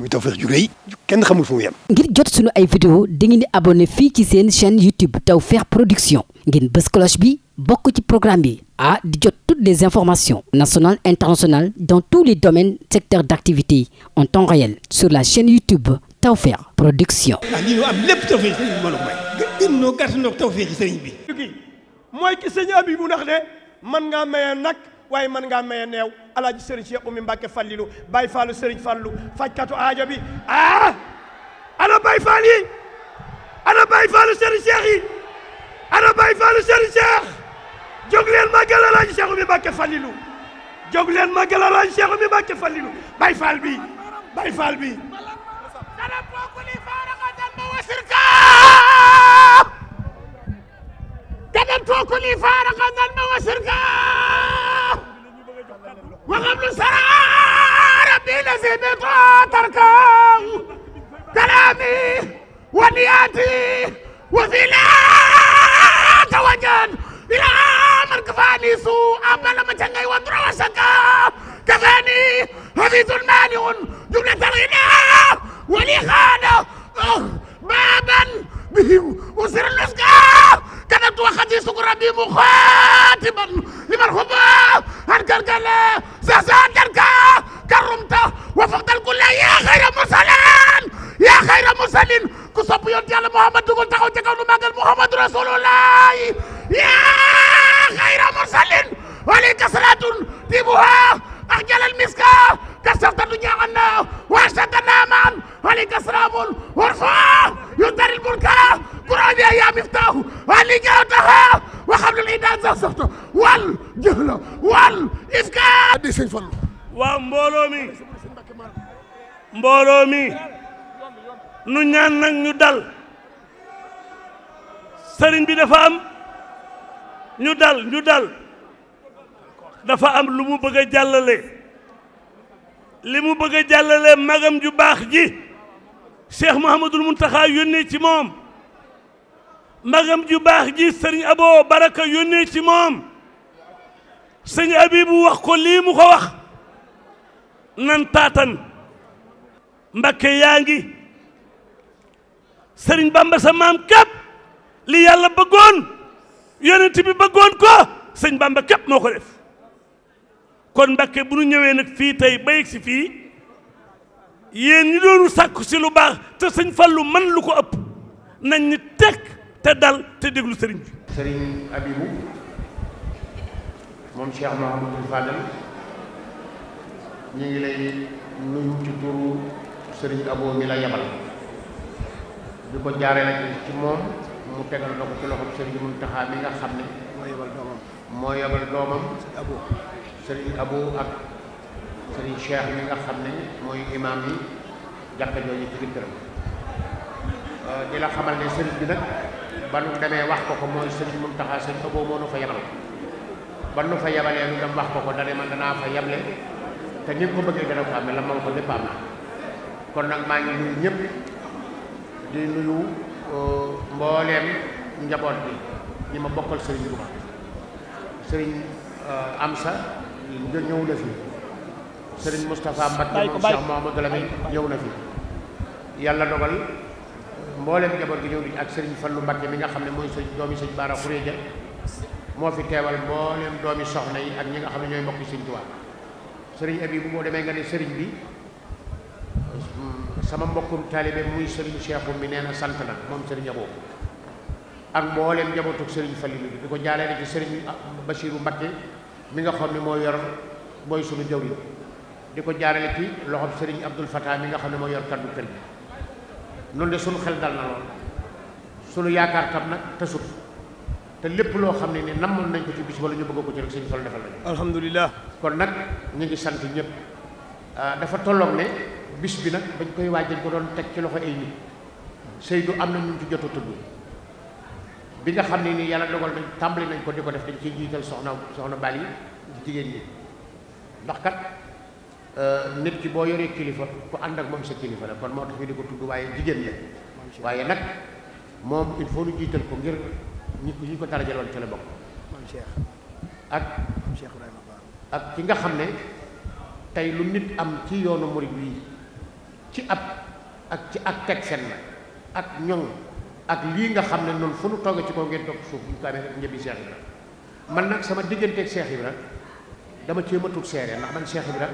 muy Tawfekh ju rëy kenn ngir jot sunu ay vidéo dangeen di abonné fii ci seen chaîne YouTube Tawfekh Production ngeen bës bi bokk ci programme bi ah di jot toutes les informations nationales internationales dans tous les domaines secteurs d'activité en temps réel sur la chaîne YouTube Tawfekh Production. ah lii ñu am lépp Tawfekh sëriñ bi ma la may. gën noo gàtt noo Tawfekh sëriñ ndax de mën ngaa maye nag. waaye mën nga maye neew alaaji sëriñ Cheikh Oumy Mbacke Fallilu Baye Fallu sëriñ Fallu fajkatu aajo bi ah ana Baye Fall yi ana Baye Fallu sëriñ Cheikh yi ana Baye Fallu sëriñ Cheikh jóg alaaji Cheikh Oumy Mbacke Fallilu jóg leen màggal alaaji Cheikh Oumy Mbacke Fallilu Baye Fall bi Baye Fall bi كذا توكلي فارغا المواسرقا وقبل سرى ربي الذي بطاطرك كلامي ونياتي وفي لا توجد إلى من كفاني سوء أما لما تنقي ودرى وسكا كفاني حفيظ مانع جملة الغناء والإخانة بابا به أسر النسكا كتبت وخدي سكر ربي مخاف كاتبا لمن خباب عن كركلا ساسان كركا كرمتا وفقت الكل يا خير مرسلين يا خير مرسلين ku sopp yonent Yàlla Muhammad dugal taxaw ca kaw nu màggal Muhammad Rasulullah ya xayra mursalin walayka salatun tibuha ak jalal miska kasartadu ñaxanna wasatana man walayka salamun warfa yudaril mulka qur'an ya miftahu walayka taha waxal li daal sax sax wal wal iska di mbooloo mi mbooloo mi nu ñaan nag ñu dal sëriñ bi dafa am ñu dal ñu dal dafa am lu mu bëgg jàllale li mu bëgg a jàllale magam ju baax ji Cheikh Mouhamadoul Mountakha yónnee ci moom magam ju baax ji sëriñ aboo baraka yónnee ci moom sëñ abibu wax ko lii mu ko wax nan taatan mbakke yaa ngi sëriñ bamba sa maam képp li yàlla bëggoon yonent bi bëggoon ko sëñ bamba képp moo ko def kon mbakke bu nu ñëwee nag fii tey bayëg si fii yéen ñu doonu sàkku si lu baax te sëñ fallu man lu ko ëpp nañ ni tekk te dal te déglu sëriñ bi. sëriñ Abibou moom Cheikh Mouhamadou ñu ngi lay Abo mi la yabal di ko jaaree ci moom mu mi nga xam ne. moo yabal doomam moo yabal doomam. Abo sëriñ Abo ak sëriñ Cheikh mi nga xam ne mooy imaam yi jàkka jooju ci biir di la xamal ne sëriñ bi nag. ba nu demee wax ko ko mooy sëñ Muntaxa sëñ Abo moo nu fa yabal ba nu fa yabalee nu dem wax ko ko man danaa fa yable te ni ko bëggee dana ko amee la moom ko lépp am na kon maa ngi nuyu nuyu euh, mbooleem njaboot ñi ma bokkal sëriñ Touba sëriñ euh, Amsa ñëw na fi sëriñ Moustapha Mbacké moom Cheikh Mouhamadou Lamine ñëw na fi yàlla dogal mboolem njaboot gi ñëw nañu ak sëriñ lu Mbacké mi nga xam ne mooy sëñ doomi sëñ Bara Khourédia moo fi teewal mboolem doomi soxna yi ak ñi nga xam ne ñooy mbokki sëñ Tuubaa sëriñ abi bu boo demee nga ne sëriñ bi mm, sama mbokkum taalibe muy sëriñ Cheikhu mi nee sant na moom sëriñ Abo ak mboolem njabootug sëriñ Fallou bi di ko jaaree ci sëriñ ah, Bassirou Mbacké mi nga xam ne moo yor mooy sunu jaww ji di ko jaarale ci loxob sëriñ Abdoul Fatah mi nga xam ne moo yor kaddu kër nun de suñu xel dal na lool suñu yaakaar tam nag tasut te lépp loo xam ne ni namoon nañ ko ci bis wala ñu bëgg ko ci rek suñu sol defal lañu alhamdulilah kon nag ñu ngi sant ñëpp ah, dafa tolloog ne bis bi nag bañ koy waaj dañ ko doon teg ci loxo ay nit Seydou am na ñu ci jot a tudd bi nga xam ne nii yàlla dogal nañ tàmbali nañ ko di ko def dañ ciy jiital soxna soxna bal yi jigéen ñi ndax kat Euh, nit ki boo yoree kilifa ku ànd ak moom sa kilifa la kon moo tax ñu di ko tudd waaye jigéen la waaye nag moom il faut ñu jiital ko ngir ñi ñi ko tarajaloon ca la bokk ak ak ki nga xam ne tey lu nit am ci yoonu murid wii ci ab ak ci ak teg seen ak ñoŋ ak nga xam ne noonu fu nu toogee ci kaw ngeen toog suuf bu ñu ko amee rek njëbi man nag sama digganteeg Cheikh Ibra dama cee matut seere ndax man Cheikh Ibra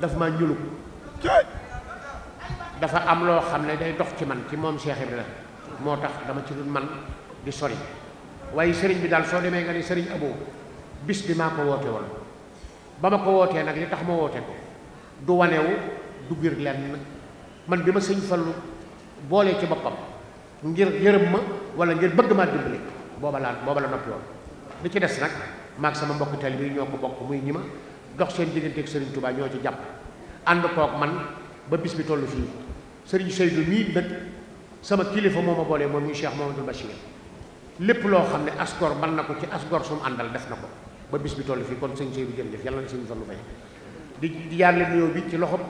daf ma ñulu dafa am loo xam ne day dox ci man ci moom bi Ibrahima moo tax dama ci dul man di sori waaye sëriñ bi daal soo demee nga ne sëriñ Abo bis bi maa ko wootee woon ba ma ko wootee nag li tax ma woote ko du wanewu du biir lenn man bi ma sëñ Fallu boolee ci boppam ngir yërëm ma walla ngir bëgg maa dimbali booba laa booba la noppi woon li ci des nag maag sama mbokk taalibe yi ñoo ko bokk muy ñi ma dox seen diggante ak Serigne Touba ñoo ci jàpp ànd kook man ba bis bi toll fii Serigne Seydou mii nag sama kilifa moo ma boolee moom muy Cheikh Mamadou Bachir lépp loo xam ne asgor man na ko ci asgor sum àndal def na ko ba bis bi toll fii kon Serigne Seydou jërëjëf yàlla na Serigne Fallou Faye di di jaarle nuyoo bi ci loxob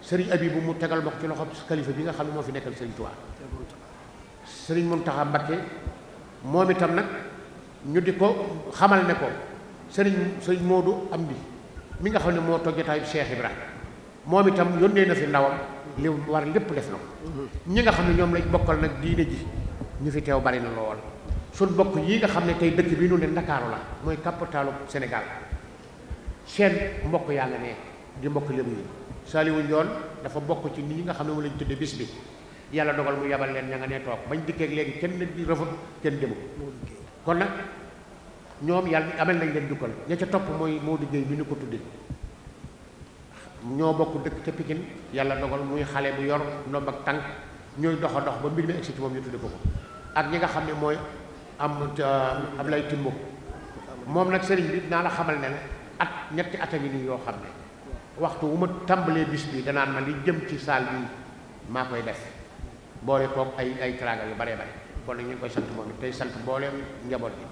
Serigne Abibou mu tegal ma ko ci loxob kalifa bi nga xam ne moo fi nekkal Serigne Touba Serigne Mountakha Mbacké moom itam nag ñu di ko xamal ne ko sëriñ Serigne Serigne am bi mi nga xam ne moo toog jotaayu Cheikh Ibrahima moom itam yónnee na fi ndawam li war lépp def na ñi nga xam ne ñoom lañ bokkal nag diine ji ñu fi teew bari na lool suñ bokk yii nga xam ne tey dëkk bi ñu ne Ndakaaru la mooy capitalu Sénégal seen mbokk yàlla ne di mbokk lébu yi Saliou Ndione dafa bokk ci nit ñi nga xam ne mu lañ tudde bis bi yàlla dogal mu yabal leen ña nga ne toog bañ dikkee léegi kenn di rëfut kenn demul kon nag ñoom yàlla amel nañ leen jukkal ña ca topp mooy moo Gueye bi ñu ko tuddee ñoo bokk dëkk ca Pikine yàlla dogal muy xale bu yor ndomb ak tànk ñooy dox a dox ba mbir mi egsi ci moom ñu tudde ko ko ak ñi nga xam ne mooy am euh, Ablaye Timbo moom nag sëriñ bi naa la xamal ne at ñetti at nii yoo xam ne waxtu wu ma tàmbalee bis bi danaan ma li jëm ci saal bi maa koy def boole koog ay ay teraanga yu baree bare kon nag ñu ngi koy sant moom tey sant mbooleem njaboot bi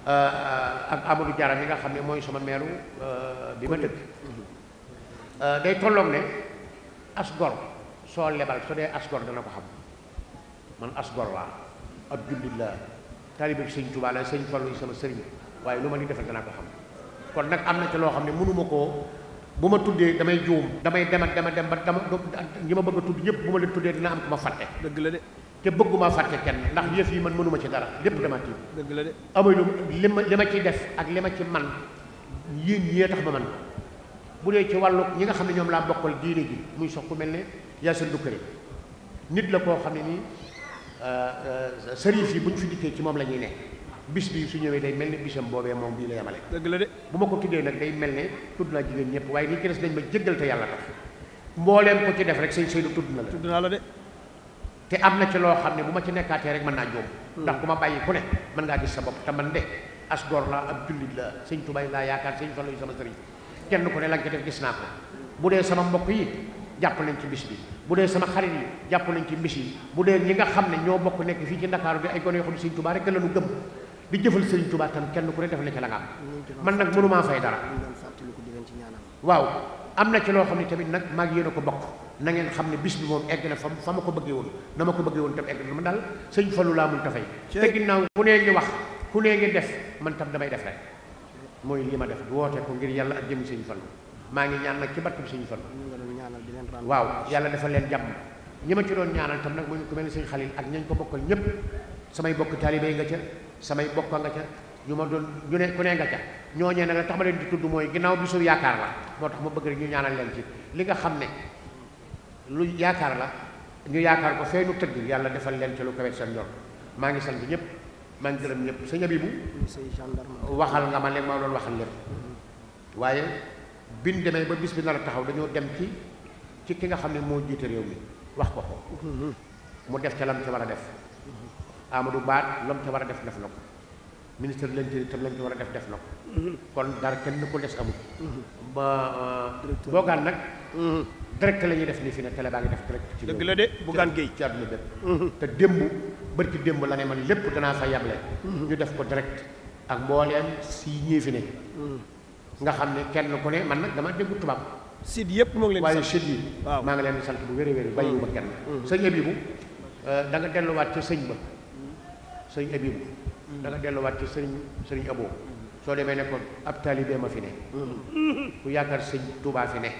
Euh, ak Amadou jaram yi nga xam ne mooy sama meeru euh, bi ma dëkk euh, day tolloog ne as soo lebal soo dee as gor dana ko xam man as gor laa ab jullit laa taalibe bi sëñ Tuubaa la sëñ sama sëriñ waaye lu ma ni defal danaa ko xam kon nag am na ci loo xam ne mënuma koo bu ma tuddee damay juum damay demat dema dem ba dama ñi ma bëgg tudd ñëpp bu ma leen tuddee dina am ku ma fàtte dëgg la de te bëgguma fàtte kenn ndax yëf yi man mënuma ci dara lépp dama tiim dëgg la de amay lu li ma li ma ci def ak li ma ci man yéen yee tax ma man bu dee ci wàllu ñi nga xam ne ñoom laa bokkal diine ji muy sox ku mel ne yaa seen dukkari nit la koo xam ne nii euh, euh, sëriif yi bu ñu fi dikkee ci moom la ñuy ne bis bi su ñëwee day mel ne bisam boobee moom bii la yamale dëgg la de bu ma ko tuddee nag day mel ne tudd naa jigéen ñëpp waaye ni ci des dañ ma jéggal te yàlla tax mbooleem ko ci def rek sëñ Seydou tudd na la la de te am na ci loo xam ne bu ma ci nekkaatee rek mën naa jóom hmm. ndax ku ma bàyyi ku ne sa bopp te man de as gor la ab jullit la sëñ Tuubaa laa yaakaar sëñ Fallu sama sëriñ kenn ku ne la nga def gis naa bu dee sama mbokk yi jàpp nañ ci bis bi bu dee sama xarit yi jàpp nañ ci bis yi bu dee ñi nga xam ne ñoo bokk nekk fii ci Ndakaaru bi ay gone yoo xam ne sëñ Tuubaa rek la ñu gëm di jëfal sëriñ Tuubaa na ci la nga am man nag mënumaa fay dara waaw am na ci loo xam ne tamit nag maa ngi yéen ko bokk na ngeen xam ne bis bi moom egg na fa fa ma ko bëggee woon na ma ko bëggee woon tam egg na ma daal sëñ Fallou laa mën ta fay wax ku nee ngi def man tam damay def rek mooy li ma def woote ko ngir yàlla ak jëmi sëñ Fallou maa ngi ñaan nag ci barkeb sëñ Fallou waaw yàlla dafa leen jàmm ñi ma ci doon ñaanal nag mooy ku mel ni sëñ Xalil ak ñañ ko bokkal ñëpp samay bokk taalibe nga ca samay bokk nga ca ñu ma doon ñu ne ku ne nga ca ñooñee nag la tax ma leen di tudd mooy ginnaaw bisu yaakaar la moo tax ma bëgg rek ñu ñaanal leen ci li nga xam ne lu yaakaar la ñu yaakaar ko feeñu tëgg yàlla defal leen ci lu kawe seen njort maa ngi sant ñëpp maa ngi gërëm ñëpp sëñ Abibu waxal nga ma leen ma doon waxal lépp waaye biñ demee ba bis bi na a taxaw dañoo dem ci ci ki nga xam ne moo jiite réew mi wax ko ko mu def ca lam ca war a def Amadou Ba lam ca war a def def na ko ministre de l'Intérieur tam lañ ci war a def def na ko mhm. kon dara kenn ko des amul mhm. ba euh, boogaan nag mhm. direct la ñuy def nii fi ne télé baa ngi def direct. ci dëgg la de Bougane Gueye ci àdduna bépp te démb bërki démb la ne man lépp danaa fa yable ñu def ko direct ak mbooleem si ñii fi ne nga xam ne kenn ku ne man nag dama déggu tubaab site yëpp moo ngi leen waaye yi maa ngi leen di sant bu wér a wér bàyyiwuma kenn mm-hmm. sëñ Abibu euh, da nga delluwaat ci sëñ ba sëñ Abibu da delluwaat ci sëñ sëñ Abo mm-hmm. soo demee nekkoon ko ab taalibe ma fi ne mm-hmm. ku yaakaar sëñ Tuubaa fi ne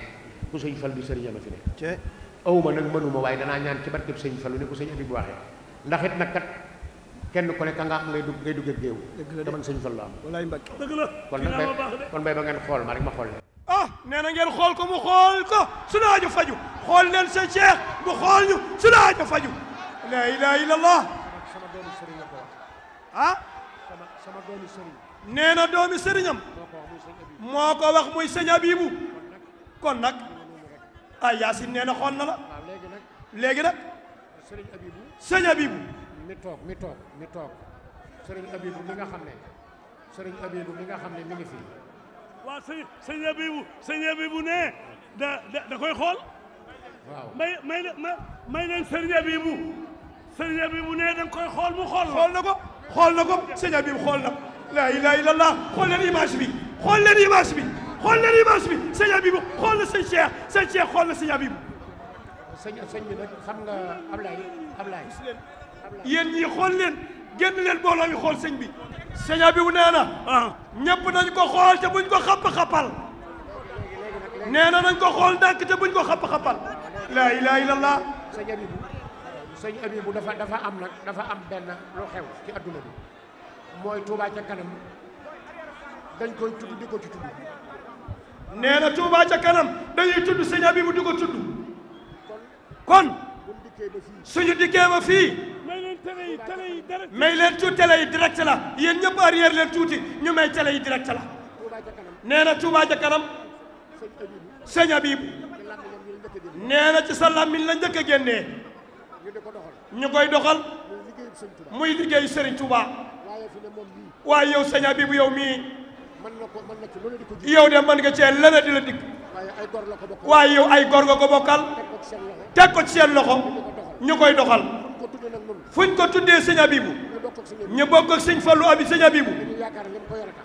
ku sëñ fal du sëriñam a fi ne awuma nag mënuma waaye danaa ñaan ci barkeb sëñ falu ni ko sëñ Abib waxee ndax it kat kenn ku ne ka nga am ngay dugg ngay dugg ak géew te man sëñ fal la am walaay Mbàkke kon bay ba ngeen xool ma rek ma xool leen ah, nee na ngeen xool ko mu xool ko sunu aajo faju xool leen sa cheikh bu xool ñu sunu aajo faju la ilaha illallah sama doomi sëriñ la ko wax ah sama sama doomi sëriñ nee na doomi sëriñam moo ko wax muy sëñ Abibu kon nag ah Yacine nee na xool na la. Ah, léegi nag. léegi nag. sëriñ Abibou. sëriñ Abibou. mi toog sëriñ Abibou mi nga xam ne sëriñ Abibou mi nga xam ne mi ngi fi. waaw sëñ sëñ Abibou sëñ nee da koy xool. waaw may may may may leen sëriñ Abibou. sëriñ Abibou nee da koy xool mu xool. xool na ko xool na ko sëñ Abibou xool na. laa ilaaha illallaah xool leen image bi xool leen image bi. xool na dimanche bi sëñ Abibu xool na sëñ Cheikh sëñ Cheikh sëñ Abibu. sëñ sëñ bi nag xam nga Ablaye Ablaye. yéen ñii xool leen génn leen mbooloo xool sëñ bi. sëñ Abibu nee na. Ah, ñëpp nañ ko xool te buñ ko xapp xapal nee na nañ ko xool ndànk te buñ ko xapp xappal. laa ilaaha illallaah. sëñ Abibu dafa dafa am nag dafa am benn lu xew ci adduna bi. mooy Touba ca kanam dañ koy tudd di ko ci nee na Touba ca kanam dañuy tudd sëñ Abibu di ko tudd kon suñu dikkee ba fii may leen tuuti télé yi direct la yéen ñëpp arrière leen tuuti ñu may yi direct la nee na Touba ca kanam sëñ Abibu nee na ci sa làmmiñ la njëkk a ñu koy doxal muy liggéeyu Serigne Touba waaye yow sëñ Abibu mii. yow de mën nga cee lële di la dikk waaye yow ay góor nga ko bokkal teg ko ci seen loxo ñu koy doxal fuñ ko tuddee sëñ Abibu ñu bokk ak sëñ Fallu abi sëñ Abibu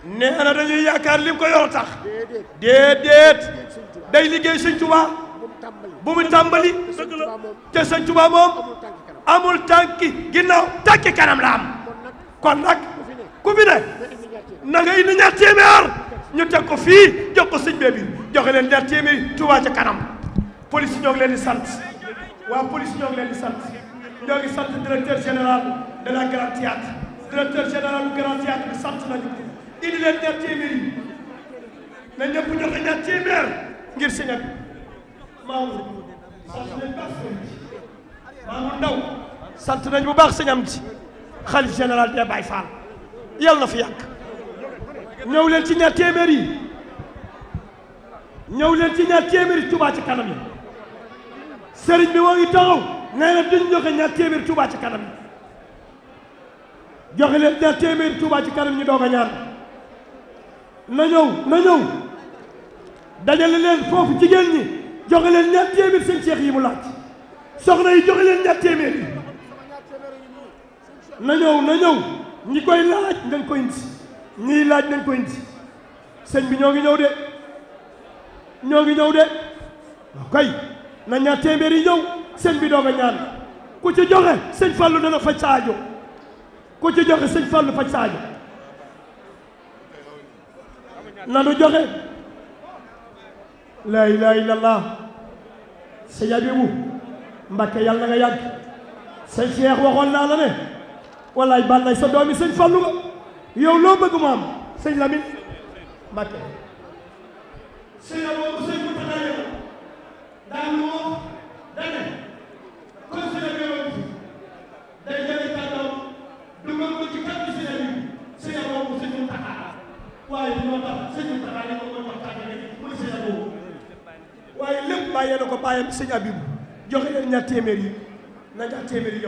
nee na dañuy yaakaar lim ko yor tax déedéet day liggéey sëñ Tuubaa bu mu tàmbali te sëñ Tuubaa moom amul tànki ginnaaw tànki kanam la am kon nag ku fi ne na nga indi ñaar téeméer ñu teg ko fii jox ko sëñ bi joxe leen ñaar téeméer Touba ca kanam police ñoo leen di sant waa police ñoo ngi leen di sant ñoo ngi sant directeur général de la Grand Théâtre directeur général du Grand sant nañu indi leen ñaar téeméer yi na ñëpp joxe ñaar ngir si nekk maamu sant nañ bu baax maamu ndaw sant nañ bu baax sëñ am ci général des Baye Fall yàlla na fi yàgg ñëw leen ci ñaar téeméer yi ñëw leen ci ñaar téeméer yi Touba ci kanam yi sëriñ bi moo ngi taxaw nee na duñ joxe ñaar téeméer Touba ci kanam yi joxe leen ñaar téeméer Touba ci kanam ñu na ñëw na ñëw dajale leen foofu jigéen ñi joxe leen ñaar téeméer seen seex yi mu laaj soxna yi joxe leen ñaar téeméer yi na ñëw na ñëw ñi koy laaj nga ñii laaj nañ ko indi bi ñoo ngi ñëw de ñoo ngi ñëw de waaw kay na ñaar téeméer yi bi doog a ku ci joxe sëñ Fallou dana faj sa aajo ku ci joxe sëñ Fallou fa sa aajo nanu joxe laa ilaha illallah sëñ Abibu Mbàkke yàlla na nga yàgg sëñ Cheikh waxoon naa la ne wallaay bàllaay sa doomi sëñ Fallou nga yow loo bëgg mu am sëñ Lamine Mbacké sëñ la boobu sëñ bu tëddee dane comme sëñ la yow day jëlee kàddoom dugal ko ci kàddu sëñ la bi sëñ la boobu waaye ñoo tax sëñ na ko bàyyam sëñ Abib joxe leen ñaar téeméer yi na ñaar téeméer yi